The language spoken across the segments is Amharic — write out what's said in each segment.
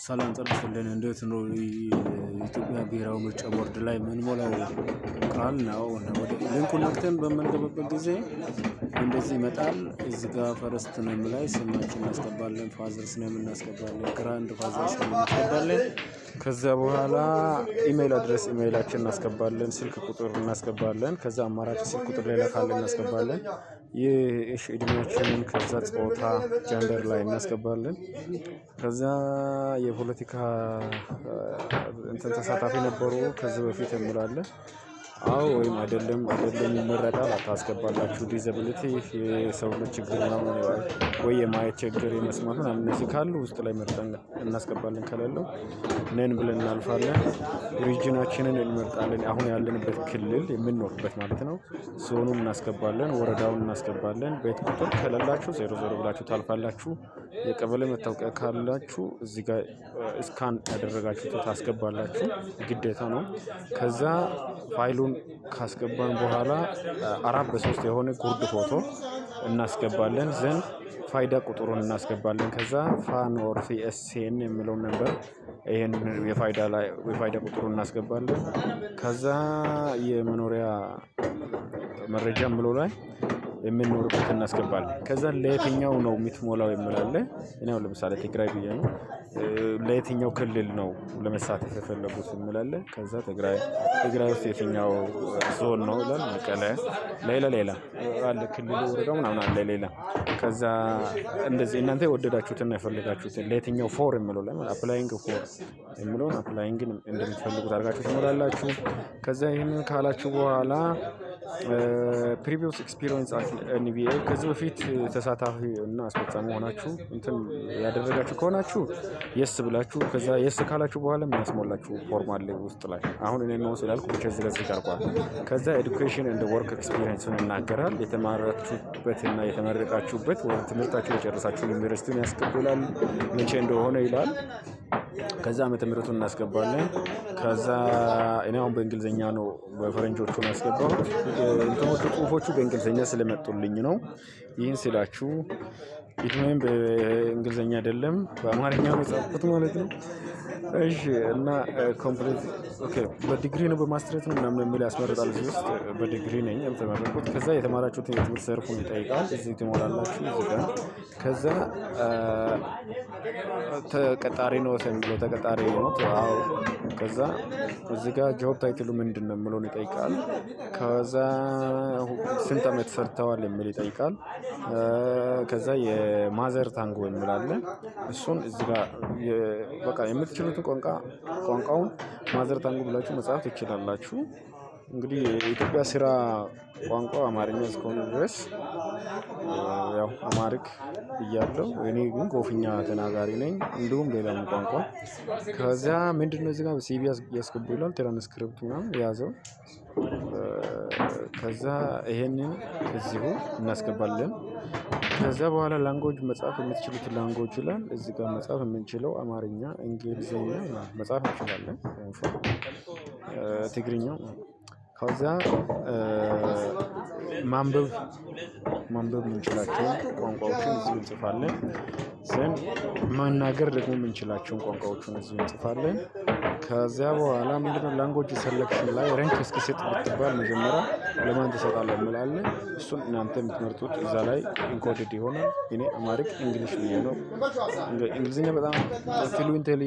ሰላም ጤና እንዴት ነው? የኢትዮጵያ ብሔራዊ ምርጫ ቦርድ ላይ የምንሞላው ቃል ነው። ወደ ሊንኩ ነክተን በምንገባበት ጊዜ እንደዚህ ይመጣል። እዚ ጋ ፈረስት ነም ላይ ስማችን እናስገባለን፣ ፋዘርስ ነም እናስገባለን፣ ግራንድ ፋዘርስ ነም እናስገባለን። ከዚያ በኋላ ኢሜይል አድረስ ኢሜይላችን እናስገባለን፣ ስልክ ቁጥር እናስገባለን። ከዚያ አማራጭ ስልክ ቁጥር ሌላ ካለ እናስገባለን። ይህ እድሜያችንን ከዛ ጾታ ጀንደር ላይ እናስገባለን። ከዛ የፖለቲካ እንትን ተሳታፊ ነበሩ ከዚህ በፊት የሚላለን አዎ ወይም አይደለም አይደለም ይመረጣል ታስገባላችሁ። ዲዘብሊቲ የሰውነት ችግር ምናምን ወይ የማየት ችግር የመስማት ምናምን እነዚህ ካሉ ውስጥ ላይ መርጠን እናስገባለን። ከሌለው ነን ብለን እናልፋለን። ሪጅናችንን እንመርጣለን። አሁን ያለንበት ክልል የምንኖርበት ማለት ነው። ዞኑን እናስገባለን፣ ወረዳውን እናስገባለን። ቤት ቁጥር ከሌላችሁ ዜሮ ዜሮ ብላችሁ ታልፋላችሁ። የቀበሌ መታወቂያ ካላችሁ እዚህ ጋር እስካን ያደረጋችሁ ታስገባላችሁ። ግዴታ ነው። ከዛ ፋይሉን ፎቶን ካስገባን በኋላ አራት በሶስት የሆነ ጉርድ ፎቶ እናስገባለን ዘንድ ፋይዳ ቁጥሩን እናስገባለን። ከዛ ፋኖር ፊኤስሲን የሚለውን ነበር ይህን የፋይዳ ቁጥሩን እናስገባለን። ከዛ የመኖሪያ መረጃ ምሎ ላይ የምንኖርበት እናስገባለን። ከዛ ለየትኛው ነው የምትሞላው የምላለ እኔ ለምሳሌ ትግራይ ብዬ ነው ለየትኛው ክልል ነው ለመሳተፍ የፈለጉት የምላለ ከዛ ትግራይ ትግራይ ውስጥ የትኛው ዞን ነው ይላል፣ መቀለ፣ ሌላ ሌላ አለ ክልል ወረዳ ምናምን አለ ሌላ። ከዛ እንደዚህ እናንተ የወደዳችሁትና የፈለጋችሁትን ለየትኛው ፎር የምለው ላይ አፕላይንግ ፎር የምለውን አፕላይንግን እንደምትፈልጉት አድርጋችሁ ትሞላላችሁ። ከዛ ይህንን ካላችሁ በኋላ ፕሪቪየስ ኤክስፒሪየንስ አት ኤንቢኤ ከዚህ በፊት ተሳታፊ እና አስፈጻሚ ሆናችሁ እንትን ያደረጋችሁ ከሆናችሁ የስ ብላችሁ ከዛ የስ ካላችሁ በኋላ የሚያስሞላችሁ ፎርም አለ ውስጥ ላይ። አሁን እኔ ነው ስላልኩ ብቻ እዚህ ለዚህ ከዛ ኤዱኬሽን እንደ ወርክ ኤክስፒሪየንሱን ይናገራል። የተማራችሁበትና የተመረቃችሁበት ትምህርታችሁ የጨረሳችሁ ዩኒቨርሲቲውን ያስቀብላል መቼ እንደሆነ ይላል። ከዛ ዓመተ ምህረቱን እናስገባለን። ከዛ እኔ አሁን በእንግሊዝኛ ነው በፈረንጆቹ ያስገባሁት። እንትኖቹ ጽሁፎቹ በእንግሊዝኛ ስለመጡልኝ ነው። ይህን ስላችሁ ፊልሜም በእንግሊዝኛ አይደለም በአማርኛ ነው የጻፍኩት ማለት ነው። እሺ እና ኮምፕሊት ኦኬ፣ በዲግሪ ነው በማስትሬት ነው ምናምን የሚል ያስመርጣል። እዚህ ውስጥ በዲግሪ ነኝ የምተመረቁት። ከዛ የተማራችሁት የትምህርት ዘርፉን ይጠይቃል። እዚህ ትሞላላችሁ። እዚህ ጋር ከዛ ተቀጣሪ ነው የሚለው ተቀጣሪ ነው ከዛ እዚህ ጋር ጆብ ታይትሉ ምንድን ነው የምለውን ይጠይቃል። ከዛ ስንት ዓመት ሰርተዋል የሚል ይጠይቃል። ከዛ የማዘር ታንጎ የሚላለ እሱን እዚ ጋር በቃ የምትችሉትን ቋንቋ ቋንቋውን ማዘር ታንጎ ብላችሁ መጽሐፍ ትችላላችሁ። እንግዲህ የኢትዮጵያ ስራ ቋንቋ አማርኛ እስከሆነ ድረስ ያው አማሪክ ብያለሁ። እኔ ግን ጎፍኛ ተናጋሪ ነኝ፣ እንዲሁም ሌላም ቋንቋ። ከዚያ ምንድን ነው እዚህ ጋር ሲቪ ያስገቡ ይላል፣ ትራንስክሪፕት ምናምን የያዘው። ከዛ ይሄንን እዚሁ እናስገባለን። ከዛ በኋላ ላንጎጅ መጽሐፍ የምትችሉት ላንጎጅ ይላል። እዚህ ጋር መጽሐፍ የምንችለው አማርኛ፣ እንግሊዝኛ መጽሐፍ እንችላለን፣ ትግርኛው ከዛ ማንበብ ማንበብ የምንችላቸውን ቋንቋዎችን እዚህ እንጽፋለን ዘንድ ለመናገር ደግሞ የምንችላቸውን ቋንቋዎቹን እዚህ እንጽፋለን። ከዚያ በኋላ ምንድነው ላንጎጅ ሰለክሽን ላይ ረንክ እስኪሰጥ ብትባል መጀመሪያ ለማን ትሰጣለህ እንላለን። እሱን እናንተ የምትመርጡት እዛ ላይ ኢንኮድድ ይሆናል። እኔ አማሪክ እንግሊሽ ነው። እንግሊዝኛ በጣም ፍሉንቴሊ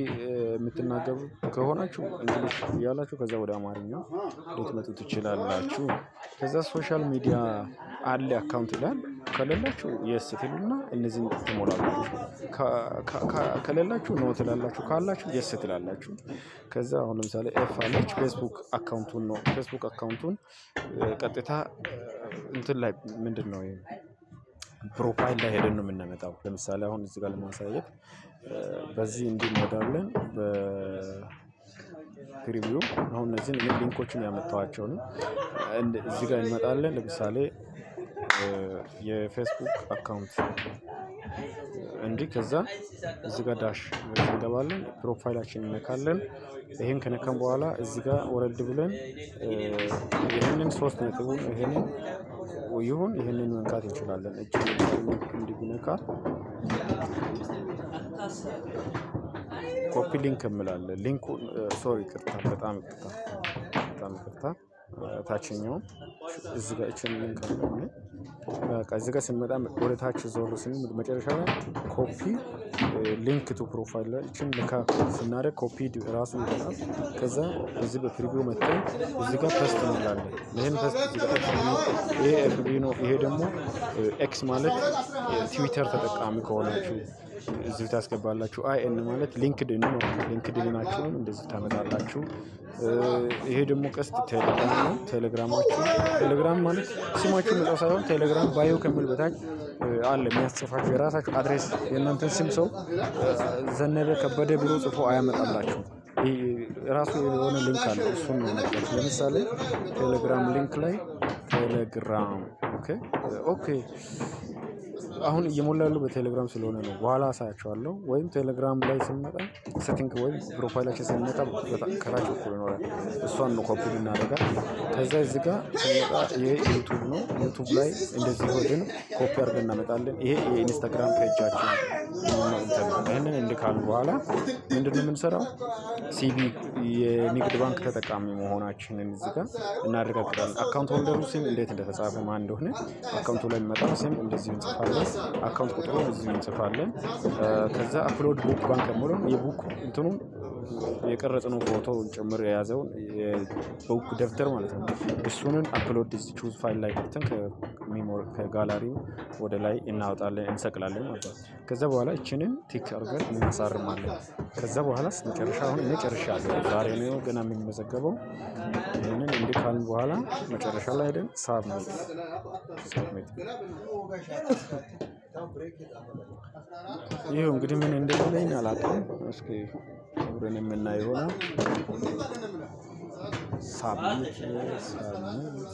የምትናገሩ ከሆናችሁ እንግሊሽ እያላችሁ ከዛ ወደ አማርኛ ልትመጡ ትችላላችሁ። ከዛ ሶሻል ሚዲያ አለ አካውንት ይላል ከሌላችሁ የስ ትሉና እነዚህን ትሞላላችሁ። ከሌላችሁ ኖ ትላላችሁ። ካላችሁ የስ ትላላችሁ። ከዛ አሁን ለምሳሌ ኤፍ አለች ፌስቡክ አካውንቱን ነው ፌስቡክ አካውንቱን ቀጥታ እንትን ላይ ምንድን ነው ፕሮፋይል ላይ ሄደን ነው የምናመጣው። ለምሳሌ አሁን እዚህ ጋር ለማሳየት በዚህ እንዲህ እንሄዳለን ፕሪቪው አሁን እነዚህን ሊንኮችን ያመጣኋቸው ነው። እዚህ ጋር እንመጣለን ለምሳሌ የፌስቡክ አካውንት እንዲህ ከዛ እዚህ ጋር ዳሽ እንገባለን። ፕሮፋይላችን እነካለን። ይህን ከነካን በኋላ እዚ ጋር ወረድ ብለን ይህንን ሶስት ነጥቡን ይህንን ይሁን ይህንን መንካት እንችላለን። እጅ እንዲነካ ኮፒ ሊንክ እንላለን። ሊንኩ ሶሪ፣ ቅርታ፣ በጣም ቅርታ፣ በጣም ቅርታ ታችኛውም እዚ ጋር እችን ሊንክ ከዚህ ጋር ስንመጣ ወደ ታች ዞር ስንል መጨረሻ ላይ ኮፒ ሊንክ ቱ ፕሮፋይል ላይ ልካ ስናደርግ ኮፒ ራሱ ይሆናል። ከዛ እዚህ በፕሪቪው መጥተን እዚህ ጋር ፐስት እንላለን። ይህን ፐስት ይሄ ደግሞ ኤክስ ማለት ትዊተር ተጠቃሚ ከሆናችሁ እዚሁ ታስገባላችሁ። አይ ኤን ማለት ሊንክድን ነው። ሊንክድናችሁን እንደዚህ ታመጣላችሁ። ይሄ ደግሞ ቀስት ቴሌግራም ነው። ቴሌግራማችሁ ቴሌግራም ማለት ስማችሁ መጻፍ ሳይሆን ቴሌግራም ባዮ ከሚል በታች አለ የሚያስጽፋችሁ የራሳችሁ አድሬስ። የእናንተን ስም ሰው ዘነበ ከበደ ብሎ ጽፎ አያመጣላችሁ። ራሱ የሆነ ሊንክ አለ። እሱን ነው ለምሳሌ ቴሌግራም ሊንክ ላይ ቴሌግራም ኦኬ ኦኬ አሁን እየሞላ ያለው በቴሌግራም ስለሆነ ነው። በኋላ አሳያቸዋለሁ። ወይም ቴሌግራም ላይ ስንመጣ ሴቲንግ ወይም ፕሮፋይላችን ስንመጣ ከታች በኩል ይኖራል። እሷን ነው ኮፒ ብናደርጋል። ከዛ እዚህ ጋር ስንመጣ ይሄ ዩቱብ ነው። ዩቱብ ላይ እንደዚህ ወድን ኮፒ አድርገን እናመጣለን። ይሄ የኢንስታግራም ፔጃችን ይህንን እንድካሉ በኋላ ምንድን ነው የምንሰራው ሲቢ የንግድ ባንክ ተጠቃሚ መሆናችንን እዚህ ጋር እናረጋግጣለን። አካውንት ሆልደሩ ስም እንዴት እንደተጻፈ ማን እንደሆነ አካውንቱ ላይ የሚመጣው ስም እንደዚህ እንጽፋለን። አካውንት ቁጥሩ እዚሁ እንጽፋለን። ከዛ አፕሎድ ቡክ ባንክ የሚለውን የቡክ እንትኑን የቀረጽነው ፎቶ ጭምር የያዘውን የቡክ ደብተር ማለት ነው። እሱንን አፕሎድ ቹዝ ፋይል ላይ ትን ከጋላሪው ወደ ላይ እናወጣለን እንሰቅላለን ማለት ነው። ከዛ በኋላ እችንን ቲክ አርገን እናሳርማለን። ከዛ በኋላ መጨረሻ አሁን መጨረሻ ዛሬ ነው ገና የሚመዘገበው። ይህንን እንዲህ ካልን በኋላ መጨረሻ ላይ ደን ሳብ ነው ይህ እንግዲህ ምን እንደሚለኝ አላውቅም። እስኪ አብረን የምናይ ሆና ሳብ ሳሙት